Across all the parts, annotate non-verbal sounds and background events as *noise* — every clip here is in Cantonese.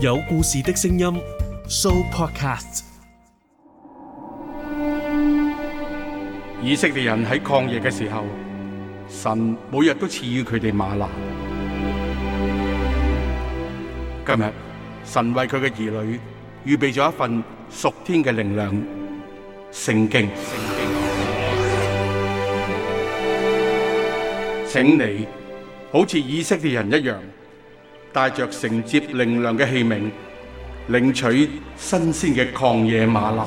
有故事的聲音，So Podcast。以色列人喺曠野嘅時候，神每日都賜予佢哋嗎哪。今日神為佢嘅兒女預備咗一份屬天嘅靈糧，聖經。請你好似以色列人一樣。帶着承接靈糧嘅器皿，領取新鮮嘅曠野嗎哪。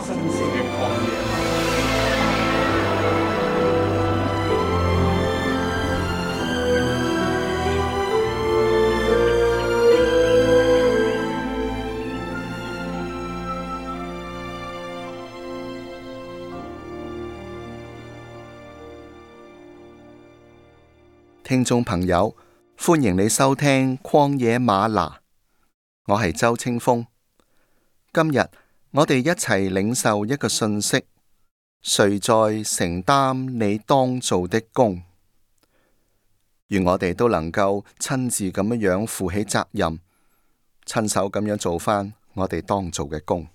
聽眾朋友。歡迎你收聽曠野嗎哪，我係周清風。今日我哋一齊領受一個訊息：誰在承擔你當做的工？願我哋都能夠親自咁樣樣負起責任，親手咁樣做返我哋當做嘅工。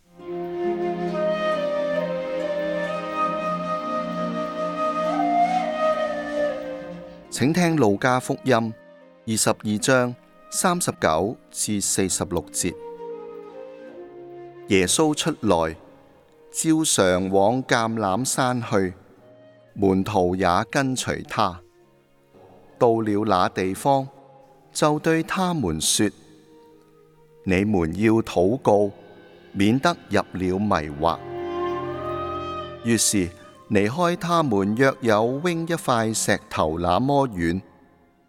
請聽路加福音。二十二章三十九至四十六節，耶穌出來，照常往橄欖山去，門徒也跟隨他。到了那地方，就對他們說：你們要禱告，免得入了迷惑。於是離開他們，約有扔一塊石頭那麼遠。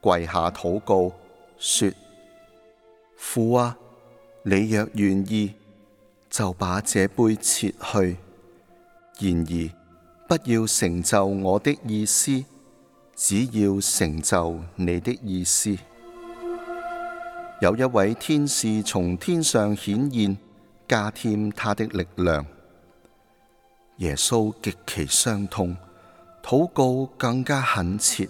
跪下禱告，說：父啊，你若願意，就把這杯撤去。然而，不要成就我的意思，只要成就你的意思。有一位天使從天上顯現，加添他的力量。耶穌極其傷痛，禱告更加懇切，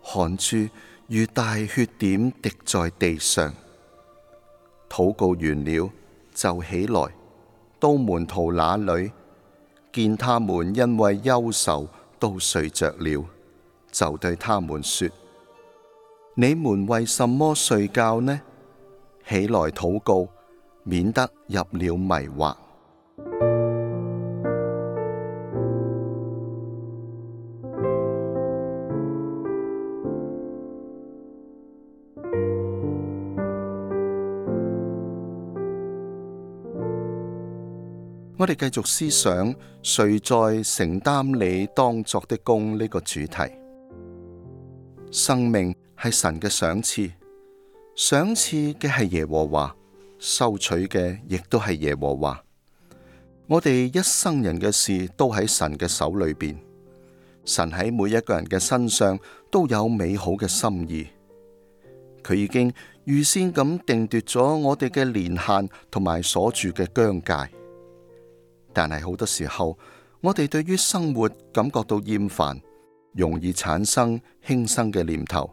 汗珠，如大血點滴在地上，禱告完了就起來，到門徒那裏，見他們因為憂愁都睡着了，就對他們說：你們為什麼睡覺呢？起來禱告，免得入了迷惑。我哋繼續思想，誰在承擔你當作的工呢，這個主題。生命係神嘅賞賜，賞賜嘅係耶和華，收取嘅亦都係耶和華。我哋一生人嘅事都喺神嘅手裏邊，神喺每一個人嘅身上都有美好嘅心意。佢已經預先咁定奪咗我哋嘅年限同埋所住嘅疆界。但係好多時候，我哋對於生活感覺到厭煩，容易產生輕生嘅念頭，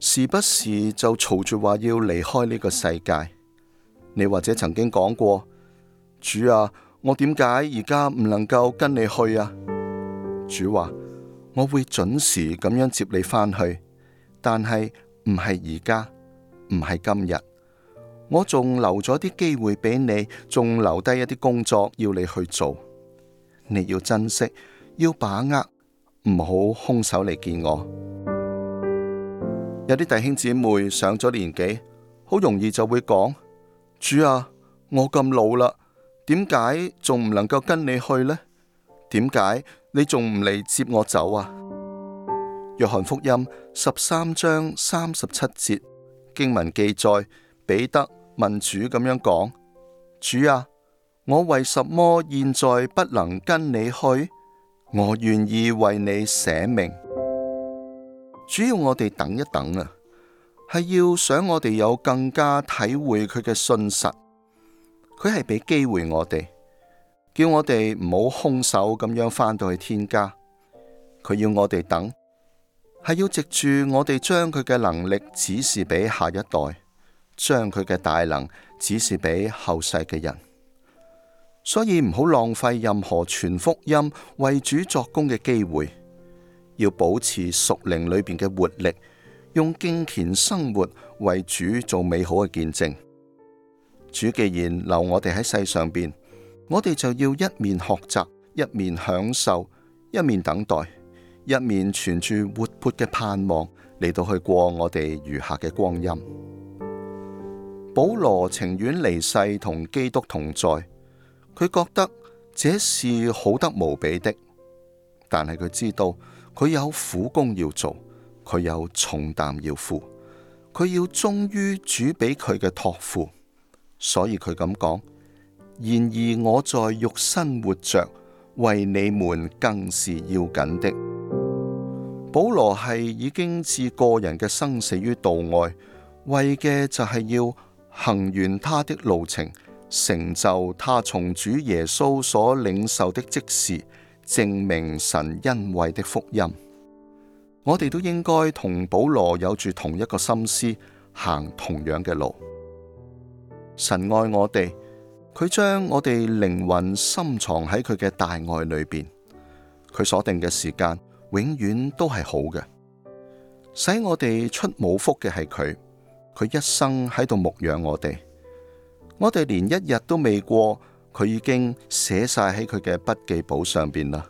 時不時就嘈住話要離開呢個世界。你或者曾經講過，主啊，我點解而家唔能夠跟你去啊？主話，我會準時咁樣接你返去，但係唔係而家，唔係今日。我仲留咗啲機會俾你，仲留低一啲工作要你去做，你要珍惜，要把握，唔好空手嚟見我。有啲弟兄姊妹上咗年紀，好容易就會講，主啊，我咁老啦，點解仲唔能夠跟你去呢？點解你仲唔嚟接我走啊？約翰福音十三章三十七節經文記載，彼得。問主咁樣講，主啊，我為什麼現在不能跟你去？我願意為你捨命。主要我哋等一等啊，係要想我哋有更加體會佢嘅信實，佢係俾機會我哋，叫我哋唔好空手咁樣返到去天家。佢要我哋等，係要藉住我哋將佢嘅能力指示俾下一代。將佢嘅大能指示俾後世嘅人，所以唔好浪費任何傳福音為主作工嘅機會，要保持屬靈裏邊嘅活力，用敬虔生活為主做美好嘅見證。主既然留我哋喺世上邊，我哋就要一面學習，一面享受，一面等待，一面存住活潑嘅盼望嚟到去過我哋餘下嘅光陰。保羅情願離世同基督同在，佢覺得這是好得無比的。但係佢知道佢有苦功要做，佢有重擔要負，佢要忠於主俾佢嘅託付，所以佢咁講。然而我在肉身活着為你們更是要緊的。保羅係已經置個人嘅生死於度外，為嘅就係要。行完他的路程，成就他從主耶穌所領受的職事，證明神恩惠的福音。我哋都應該同保羅有住同一個心思，行同樣嘅路。神愛我哋，佢將我哋靈魂深藏喺佢嘅大愛裏邊。佢所定嘅時間永遠都係好嘅，使我哋出冇福嘅係佢。佢一生喺度牧養我哋，我哋連一日都未過，佢已經寫晒喺佢嘅筆記簿上邊啦。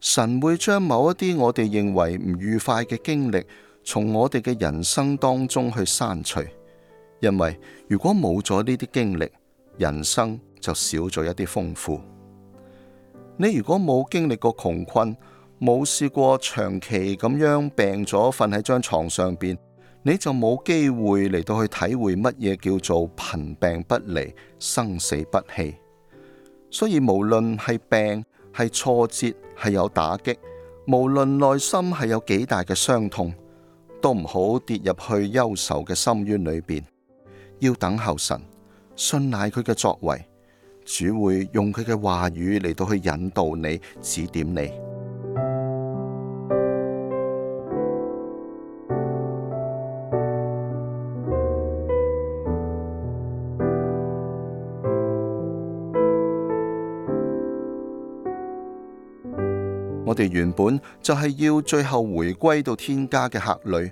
神會將某一啲我哋認為唔愉快嘅經歷，從我哋嘅人生當中去刪除，因為如果冇咗呢啲經歷，人生就少咗一啲豐富。你如果冇經歷過窮困，冇試過長期咁樣病咗瞓喺張床上邊。你就冇機會嚟到去體會乜嘢叫做貧病不離、生死不棄。所以無論係病、係挫折、係有打擊，無論內心係有幾大嘅傷痛，都唔好跌入去憂愁嘅深淵裏邊。要等候神，信賴佢嘅作為，主會用佢嘅話語嚟到去引導你、指點你。我哋原本就係要最後回歸到天家嘅客旅，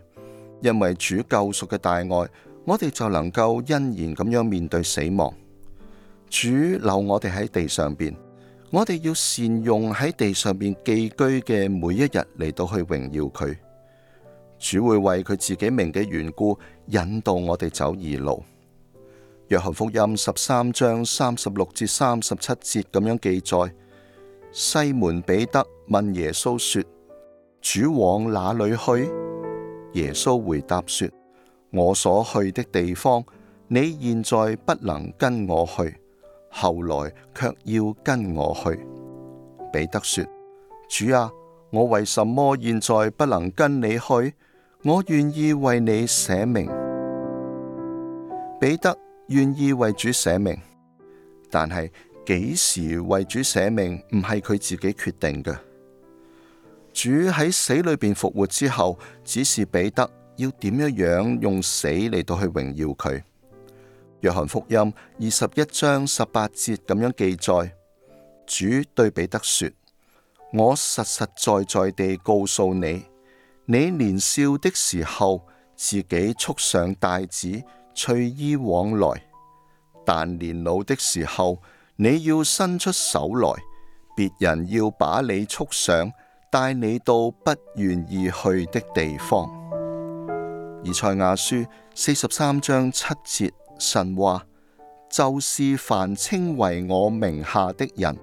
因為主救贖嘅大愛，我哋就能夠欣然咁樣面對死亡。主留我哋喺地上邊，我哋要善用喺地上邊寄居嘅每一日嚟到去榮耀佢。主會為佢自己名嘅緣故，引導我哋走義路。約翰福音十三章三十六至三十七節咁樣記載。西門彼得問耶穌說：主往哪裏去？耶穌回答說：我所去的地方，你現在不能跟我去，後來卻要跟我去。彼得說：主啊，我為什麼現在不能跟你去？我願意為你捨命。彼得願意為主捨命，但係。幾時為主捨命，唔係佢自己決定嘅。主喺死裏邊復活之後，指示彼得要點樣樣用死嚟到去榮耀佢。約翰福音二十一章十八節咁樣記載，主對彼得說：我實實在在地告訴你，你年少的時候自己束上帶子，隨意往來，但年老的時候。你要伸出手來，別人要把你束上，帶你到不願意去的地方。以賽亞書四十三章七節神話，就是凡稱為我名下的人，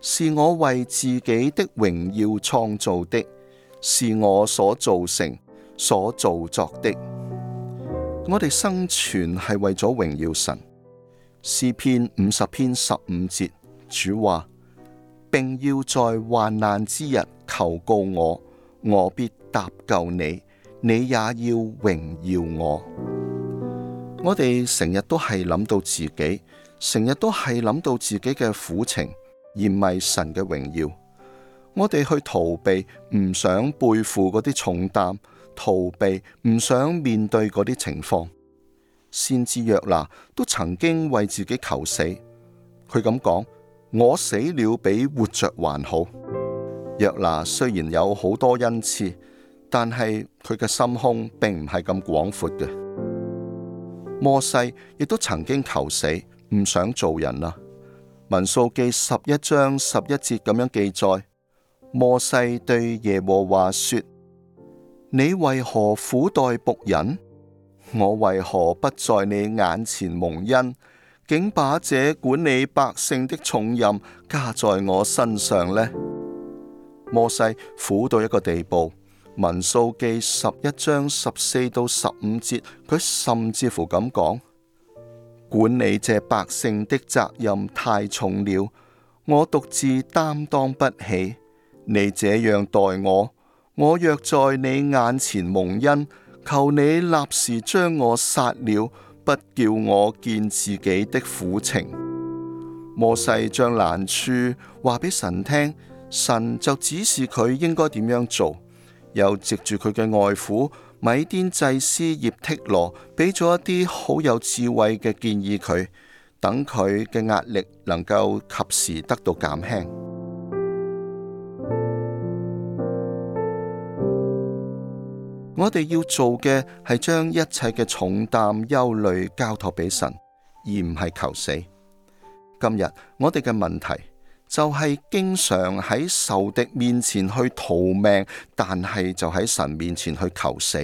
是我為自己的榮耀創造的，是我所造成、所造作的。我哋生存係為咗榮耀神。詩篇五十篇十五節，主話，並要在患難之日求告我，我必搭救你，你也要榮耀我。 *noise* 我哋成日都係諗到自己，成日都係諗到自己嘅苦情，而唔係神嘅榮耀。我哋去逃避，唔想背負嗰啲重擔，逃避唔想面對嗰啲情況。先知約拿都曾經為自己求死，佢咁講：我死了比活着還好。約拿雖然有好多恩賜，但係佢嘅心胸並唔係咁廣闊嘅。摩西亦都曾經求死，唔想做人啦。民數記十一章十一節咁樣記載：摩西對耶和華說：你為何苦待僕人？我為何不在你眼前蒙恩？竟把這管理百姓的重任加在我身上呢？摩西苦到一個地步，民數記十一章十四到十五節，佢甚至乎咁講：管理這百姓的責任太重了，我獨自擔當不起。你這樣待我，我若在你眼前蒙恩。求你立時將我殺了，不叫我見自己的苦情。摩西將難處話俾神聽，神就指示佢應該點樣做，又藉住佢嘅外父米甸祭司葉剔羅，俾咗一啲好有智慧嘅建議佢，等佢嘅壓力能夠及時得到減輕。我哋要做嘅係將一切嘅重擔、憂慮交託俾神，而唔係求死。今日我哋嘅問題就係經常喺仇敵面前去逃命，但係就喺神面前去求死；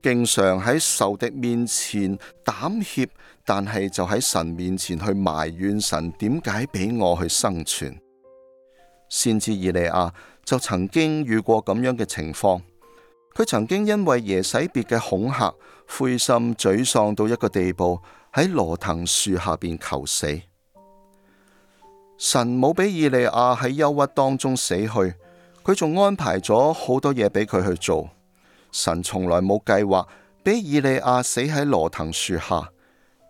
經常喺仇敵面前膽怯，但係就喺神面前去埋怨神點解俾我去生存。先知以利亞就曾經遇過咁樣嘅情況。佢曾經因為耶洗別嘅恐嚇灰心沮喪到一個地步，喺羅藤樹下邊求死。神冇俾以利亞喺憂鬱當中死去，佢仲安排咗好多嘢俾佢去做。神從來冇計劃俾以利亞死喺羅藤樹下，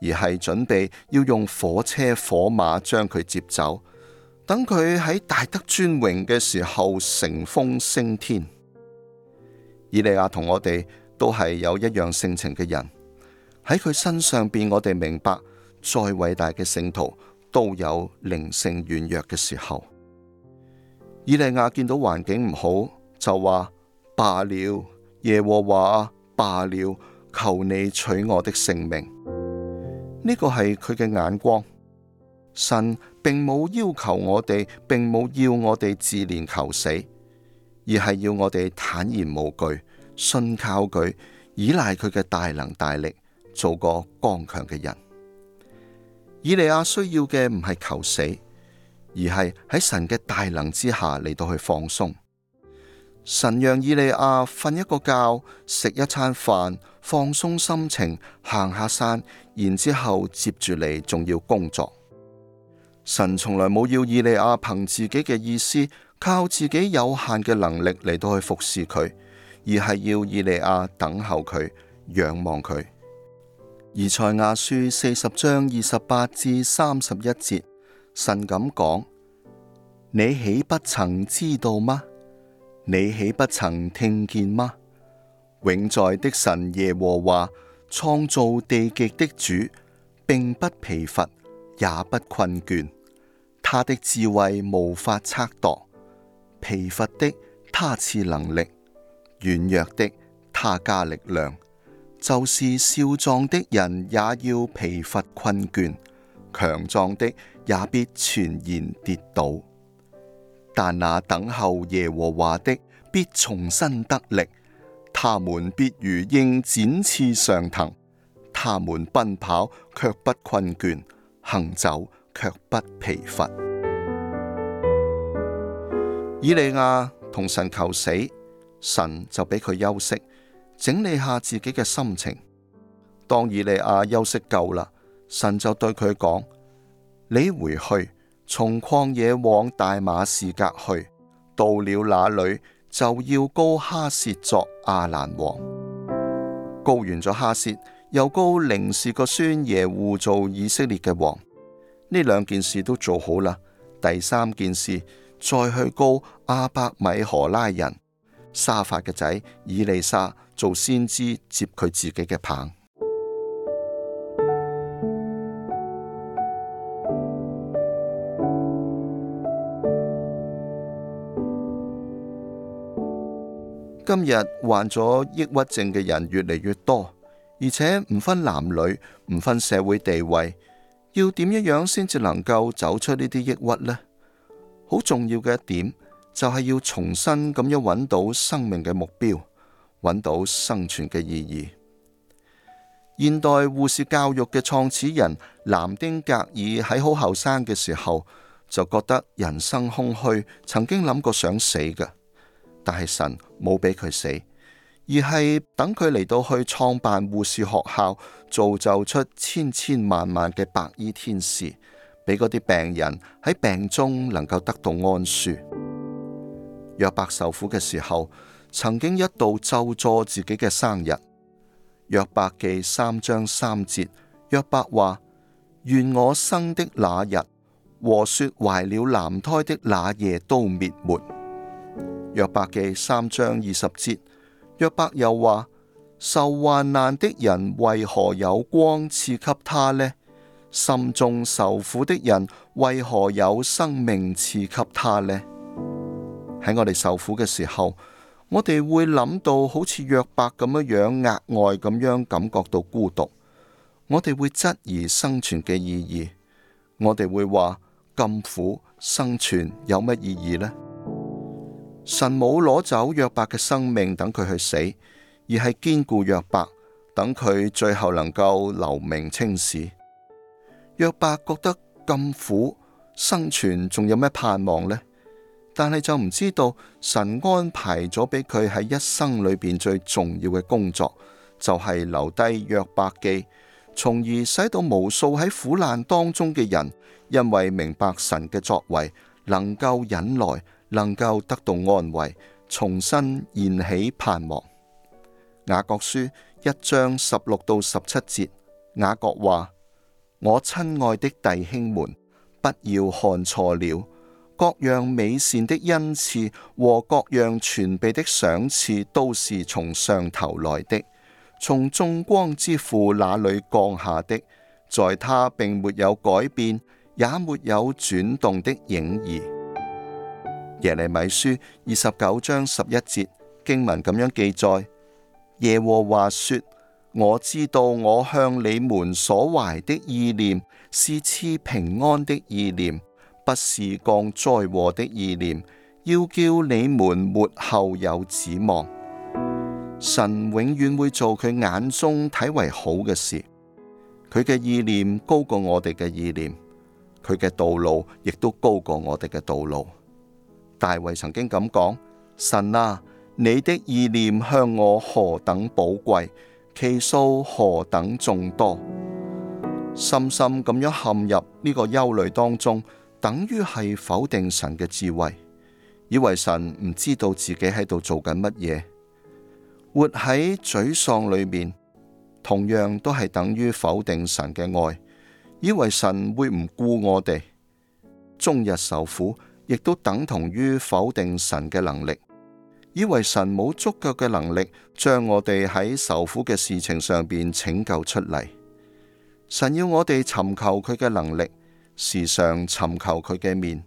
而係準備要用火車火馬將佢接走，等佢喺大得尊榮嘅時候乘風升天。以利亞同我哋都係有一樣性情嘅人，喺佢身上邊，我哋明白，再偉大嘅聖徒都有靈性軟弱嘅時候。以利亞見到環境唔好，就話罷了，耶和華罷了，求你取我的性命。呢個係佢嘅眼光，神並冇要求我哋，並冇要我哋自憐求死。而係要我哋坦然無懼，信靠佢，依賴佢嘅大能大力，做個剛強嘅人。以利亞需要嘅唔係求死，而係喺神嘅大能之下嚟到去放鬆。神讓以利亞瞓一個覺，食一餐飯，放鬆心情，行下山，然之後接住嚟仲要工作。神從來冇要以利亞憑自己嘅意思。靠自己有限嘅能力嚟到去服侍佢，而係要以利亞等候佢，仰望佢。以賽亞書四十章二十八至三十一節，神咁講：你豈不曾知道嗎？你豈不曾聽見嗎？永在的神耶和華，創造地極的主，並不疲乏，也不困倦，他的智慧無法測度。疲乏的他賜能力，軟弱的他加力量。就是少壯的人也要疲乏困倦，強壯的也必全然跌倒。但那等候耶和華的必重新得力，他們必如鷹展翅上騰，他們奔跑卻不困倦，行走卻不疲乏。以利亞同神求死，神就俾佢休息，整理下自己嘅心情。當以利亞休息夠啦，神就對佢講：你回去，從曠野往大馬士革去，到了那裏就要膏哈薛作亞蘭王，膏完咗哈薛，又膏寧示個孫耶戶做以色列嘅王。呢兩件事都做好啦，第三件事。再去告阿伯米荷拉人，沙法嘅仔以利沙做先知，接佢自己嘅棒。今日患咗抑鬱症嘅人越嚟越多，而且唔分男女，唔分社會地位，要點樣先至能夠走出呢啲抑鬱呢？好重要嘅一點，就係要重新咁樣揾到生命嘅目標，揾到生存嘅意義。現代護士教育嘅創始人南丁格爾喺好後生嘅時候就覺得人生空虛，曾經諗過想死嘅，但係神冇俾佢死，而係等佢嚟到去創辦護士學校，造就出千千萬萬嘅白衣天使。俾嗰啲病人喺病中能夠得到安舒。約伯受苦嘅時候，曾經一度咒詛自己嘅生日。約伯記三章三節，約伯話：願我生的那日，和說懷了男胎的那夜都滅沒。約伯記三章二十節，約伯又話：受患難的人為何有光賜給他呢？心中受苦的人為何有生命賜給他呢？喺我哋受苦嘅時候，我哋會諗到好似約伯咁樣樣，額外咁樣感覺到孤獨。我哋會質疑生存嘅意義，我哋會話咁苦生存有乜意義呢？神冇攞走約伯嘅生命等佢去死，而係堅固約伯，等佢最後能夠留名青史。約伯覺得咁苦生存，仲有咩盼望呢？但係就唔知道神安排咗俾佢喺一生裏邊最重要嘅工作，就係留低約伯記，從而使到無數喺苦難當中嘅人，因為明白神嘅作為，能夠忍耐，能夠得到安慰，重新燃起盼望。雅各書一章十六到十七節，雅各話。我親愛的弟兄們，不要看錯了，各樣美善的恩賜和各樣全備的賞賜，都是從上頭來的，從眾光之父那裡降下的，在他並沒有改變，也沒有轉動的影兒。耶利米書二十九章十一節經文咁樣記載：耶和華說。我知道我向你們所懷的意念是賜平安的意念，不是降災禍的意念，要叫你們末後有指望。神永遠會做佢眼中睇為好嘅事，佢嘅意念高過我哋嘅意念，佢嘅道路亦都高過我哋嘅道路。大衛曾經咁講：神啊，你的意念向我何等寶貴！其數何等眾多。深深咁樣陷入呢個憂慮當中，等於係否定神嘅智慧，以為神唔知道自己喺度做緊乜嘢。活喺沮喪裏面，同樣都係等於否定神嘅愛，以為神會唔顧我哋，終日受苦，亦都等同於否定神嘅能力。以為神冇足夠嘅能力將我哋喺受苦嘅事情上邊拯救出嚟。神要我哋尋求佢嘅能力，時常尋求佢嘅面，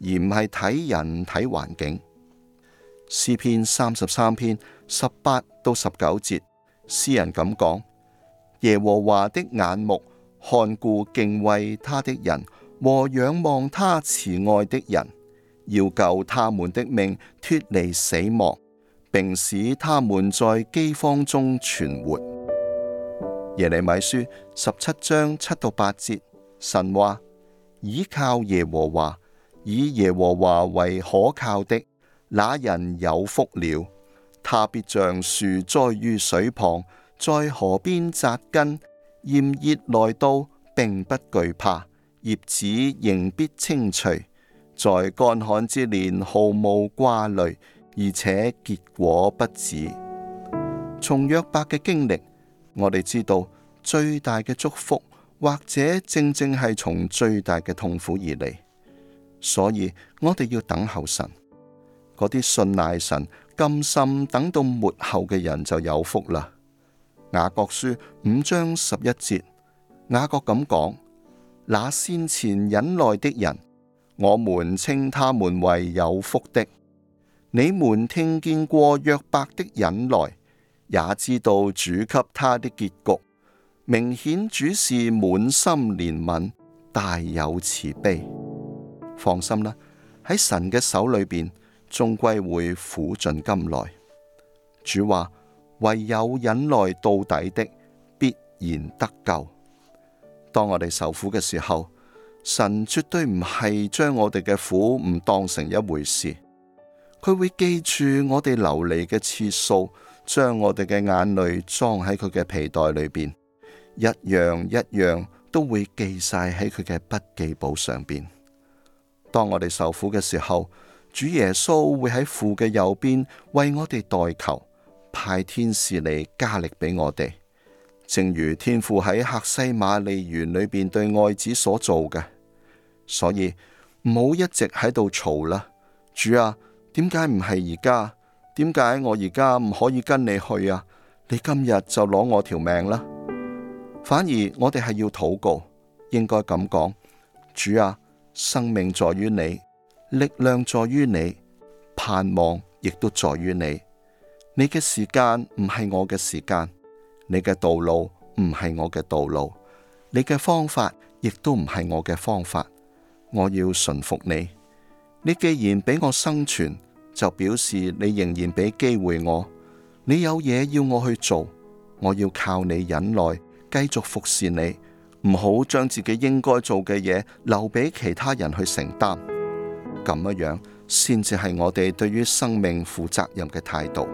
而唔係睇人睇環境。詩篇三十三篇十八到十九節，詩人咁講：耶和華的眼目看顧敬畏他的人和仰望他慈愛的人。要救他們的命，脫離死亡，並使他們在饑荒中存活。耶利米書十七章七到八節，神話：倚靠耶和華，以耶和華為可靠的那人有福了。他必像樹栽於水旁，在河邊紮根，炎熱來到，並不懼怕，葉子仍必青翠。」在乾旱之年毫無掛慮，而且結果不止。從約伯嘅經歷，我哋知道最大嘅祝福，或者正正係從最大嘅痛苦而嚟。所以，我哋要等候神。嗰啲信賴神、甘心等到末後嘅人就有福啦。雅各書五章十一節，雅各咁講：嗱，那先前忍耐的人。我們稱他們為有福的。你們聽見過約伯的忍耐，也知道主給他的結局。明顯主是滿心憐憫，大有慈悲。放心啦，喺神嘅手裏邊，終歸會苦盡甘來。主話：唯有忍耐到底的，必然得救。當我哋受苦嘅時候，神絕對唔係將我哋嘅苦唔當成一回事，佢會記住我哋流離嘅次數，將我哋嘅眼淚裝喺佢嘅皮袋裏邊，一樣一樣都會記晒喺佢嘅筆記簿上邊。當我哋受苦嘅時候，主耶穌會喺父嘅右邊為我哋代求，派天使嚟加力俾我哋，正如天父喺客西馬尼園裏邊對愛子所做嘅。所以唔好一直喺度嘈啦，主啊，點解唔係而家？點解我而家唔可以跟你去啊？你今日就攞我條命啦。反而我哋係要禱告，應該咁講，主啊，生命在於你，力量在於你，盼望亦都在於你。你嘅時間唔係我嘅時間，你嘅道路唔係我嘅道路，你嘅方法亦都唔係我嘅方法。我要順服你，你既然俾我生存，就表示你仍然俾機會我。你有嘢要我去做，我要靠你忍耐，繼續服侍你。唔好將自己應該做嘅嘢留俾其他人去承擔，咁樣樣先至係我哋對於生命負責任嘅態度。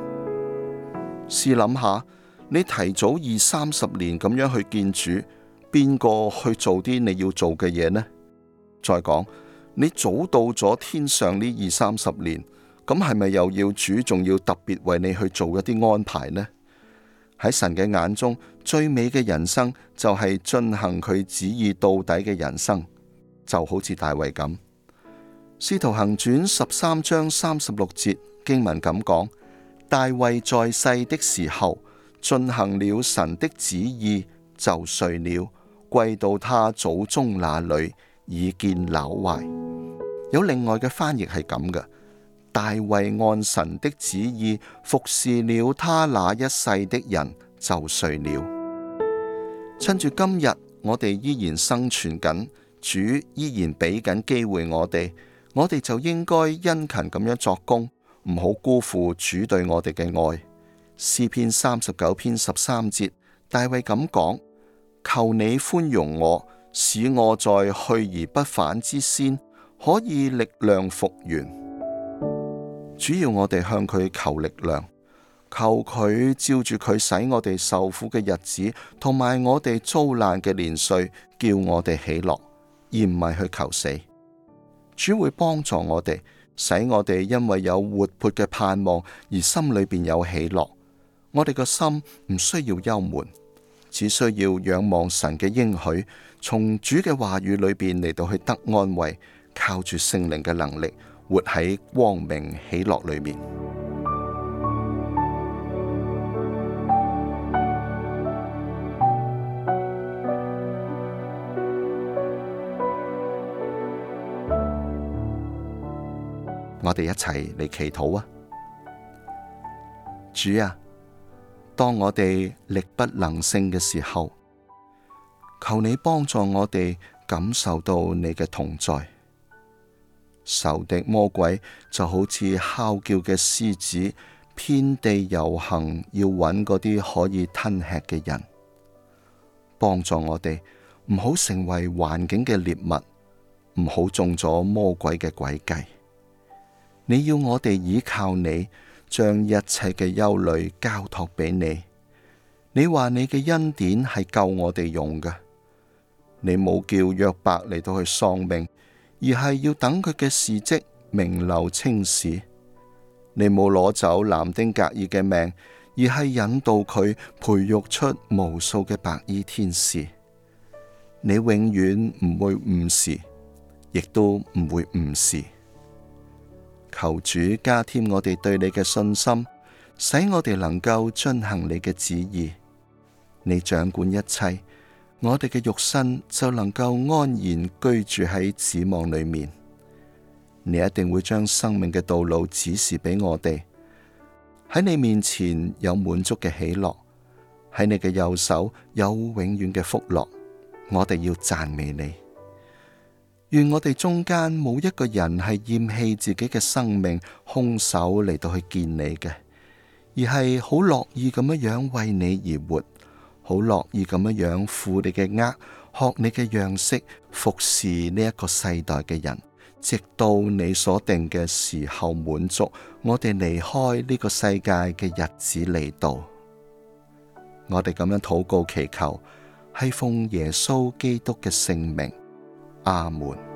試諗下，你提早二三十年咁樣去見主，邊個去做啲你要做嘅嘢呢？再講，你早到咗天上呢二三十年，咁係咪又要主仲要特別為你去做一啲安排呢？喺神嘅眼中，最美嘅人生就係進行佢旨意到底嘅人生，就好似大衛咁。《使徒行傳》十三章三十六節經文咁講：大衛在世的時候，進行了神的旨意，就睡了，歸到他祖宗那裏。已見朽壞。有另外嘅翻譯係咁嘅：大衛按神的旨意服侍了他那一世的人，就睡了。趁住今日我哋依然生存緊，主依然俾緊機會我哋，我哋就應該殷勤咁樣作工，唔好辜負主對我哋嘅愛。詩篇三十九篇十三節，大衛咁講：求你寬容我。使我在去而不返之先，可以力量復原。主要我哋向佢求力量，求佢照住佢使我哋受苦嘅日子，同埋我哋遭難嘅年歲，叫我哋喜樂，而唔係去求死。主會幫助我哋，使我哋因為有活潑嘅盼望，而心裏邊有喜樂。我哋個心唔需要憂悶。只需要仰望神嘅應許，從主嘅話語裏邊嚟，到去得安慰，靠住聖靈嘅能力，活喺光明喜樂裏面。 *music* 我哋一齊嚟祈禱啊！主啊！當我哋力不能勝嘅時候，求你幫助我哋感受到你嘅同在。仇敵魔鬼就好似吼叫嘅獅子，遍地游行，要揾嗰啲可以吞吃嘅人。幫助我哋唔好成為環境嘅獵物，唔好中咗魔鬼嘅詭計。你要我哋依靠你。將一切嘅憂慮交託俾你。你話你嘅恩典係夠我哋用嘅。你冇叫約伯嚟到去喪命，而係要等佢嘅事蹟名留青史。你冇攞走南丁格爾嘅命，而係引導佢培育出無數嘅白衣天使。你永遠唔會誤事，亦都唔會誤事。求主加添我哋對你嘅信心，使我哋能夠遵行你嘅旨意。你掌管一切，我哋嘅肉身就能夠安然居住喺指望裏面。你一定會將生命嘅道路指示俾我哋。喺你面前有滿足嘅喜樂，喺你嘅右手有永遠嘅福樂。我哋要讚美你。願我哋中間冇一個人係厭棄自己嘅生命，空手嚟到去見你嘅，而係好樂意咁樣樣為你而活，好樂意咁樣樣負你嘅軛，學你嘅樣式，服侍呢一個世代嘅人，直到你所定嘅時候滿足。我哋離開呢個世界嘅日子嚟到，我哋咁樣禱告祈求，係奉耶穌基督嘅聖名。阿門。